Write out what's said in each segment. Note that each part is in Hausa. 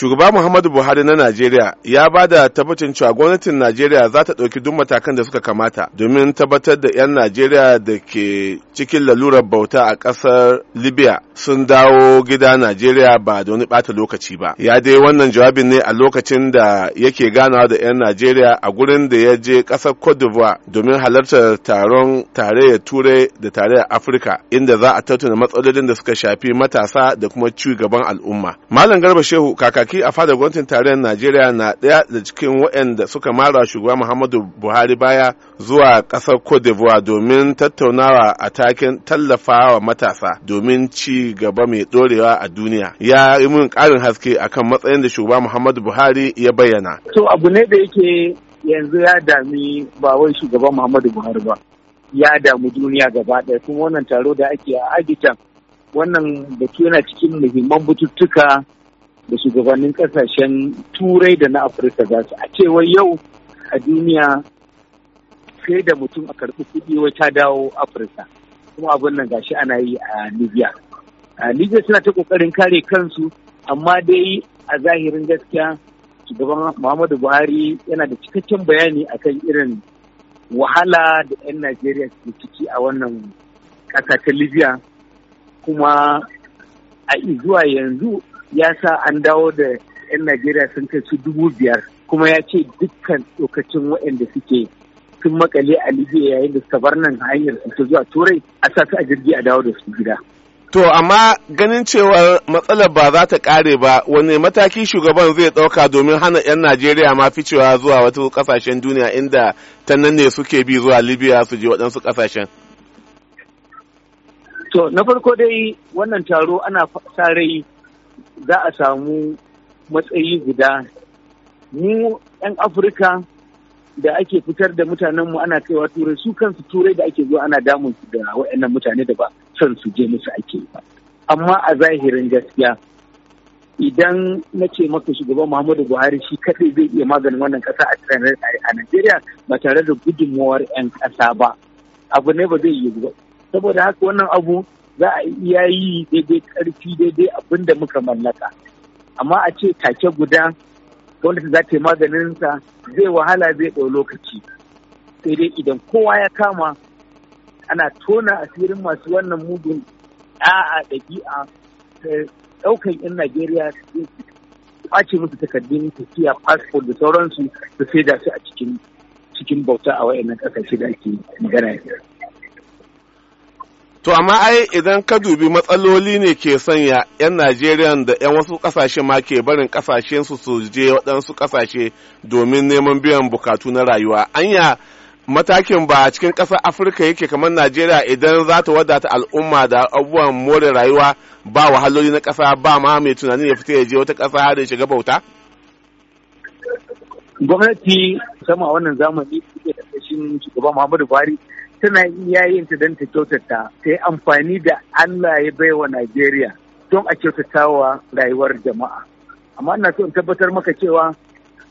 shugaba muhammadu buhari na najeriya ya ba da tabbacin cewa gwamnatin najeriya za ta ɗauki duk matakan da suka kamata domin tabbatar da 'yan najeriya da ke cikin lalurar bauta a ƙasar libya sun dawo gida najeriya ba da wani ɓata lokaci ba ya dai wannan jawabin ne a lokacin da yake ganawa da 'yan najeriya a gurin da ya je ƙasar cote d'ivoire domin halartar taron tarayyar turai da tarayyar afirka inda za a tattauna matsalolin da suka shafi matasa da kuma ci gaban al'umma malam garba shehu kaka mataki a fadar gwamnatin tarayyar najeriya na ɗaya da cikin waɗanda suka mara shugaba muhammadu buhari baya zuwa ƙasar cote d'ivoire domin tattaunawa a takin tallafawa matasa domin ci gaba mai ɗorewa a duniya ya yi min ƙarin haske akan matsayin da shugaba muhammadu buhari ya bayyana to abu ne da yake yanzu ya dami ba wai shugaban muhammadu buhari ba ya damu duniya gaba ɗaya kuma wannan taro da ake a agitan wannan da ke yana cikin muhimman bututtuka da shugabannin kasashen turai da na afirka za su a cewa yau a duniya sai da mutum a karɓi kuɗi wai ta dawo afirka kuma abin nan gashi ana yi a libya a libya suna ta ƙoƙarin kare kansu amma dai a zahirin gaskiya shugaban muhammadu buhari yana da cikakken bayani akan irin wahala da 'yan najeriya ke ciki a wannan ƙasa ta libya kuma a zuwa yanzu ya sa an dawo da 'yan Najeriya sun kai su dubu biyar kuma ya ce dukkan lokacin waɗanda suke sun makale a Libya yayin da suka bar nan hanyar su zuwa Turai a sa su a jirgi a dawo da su gida. To amma ganin cewar matsalar ba za ta kare ba wani mataki shugaban zai ɗauka domin hana 'yan Najeriya ma ficewa zuwa wata kasashen duniya inda ta nan ne suke bi zuwa Libya su je waɗansu kasashen? To na farko dai wannan taro ana sa rai za a samu matsayi guda mu 'yan afirka da ake fitar da mutanenmu ana kaiwa turai su kansu turai da ake zuwa ana damun su da waɗannan mutane da ba son su je musu ake ba amma a zahirin gaskiya idan na ce maka shugaban muhammadu buhari shi kadai zai iya maganin wannan ƙasa a najeriya ba tare da gudunmawar 'yan kasa ba abu ne ba zai yi ba saboda haka wannan abu za a iya yi daidai karfi daidai abinda muka mallaka amma a ce take guda gwamnati za ta yi maganinsa zai wahala zai ɗau lokaci sai dai idan kowa ya kama ana tona asirin masu wannan mugun a'a ɗabi'a ta ɗaukan 'yan najeriya su ɓace musu takardun tafiya fasfo da sauransu su sai da su a cikin bauta a wayannan ƙasashe da ake magana To amma ai idan ka dubi matsaloli ne ke sanya 'yan Najeriya da 'yan wasu kasashe ma ke barin kasashen su su je waɗansu kasashe domin neman biyan bukatu na rayuwa. Anya matakin ba cikin ƙasar Afirka yake kamar Najeriya idan za ta wadata al'umma da abubuwan more rayuwa ba wahaloli na ƙasa ba ma mai tunanin ya fita ya je wata ƙasa har ya shiga bauta? Gwamnati sama wannan zamani da ƙarshen shugaba Muhammadu Buhari tana iya yin ta don ta kyautata ta yi amfani da Allah ya bai wa Najeriya don a kyautata wa rayuwar jama'a. Amma ina so in tabbatar maka cewa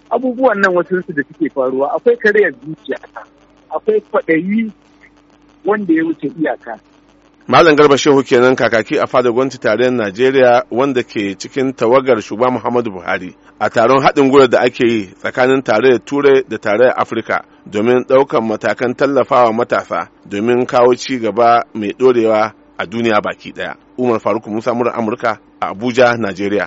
abubuwan nan wasu da suke faruwa akwai karyar zuciya, akwai kwaɗayi wanda ya wuce iyaka. Malam Garba Shehu kenan kakaki a fadar gwamnati tarayyar Najeriya wanda ke cikin tawagar shugaba Muhammadu Buhari a taron haɗin gwiwa da ake yi tsakanin tarayyar Turai da tarayyar Afirka domin ɗaukan matakan tallafawa matasa domin kawo ci gaba mai ɗorewa a duniya baki ɗaya. Umar Faruk Musa Mura Amurka a Abuja, Najeriya.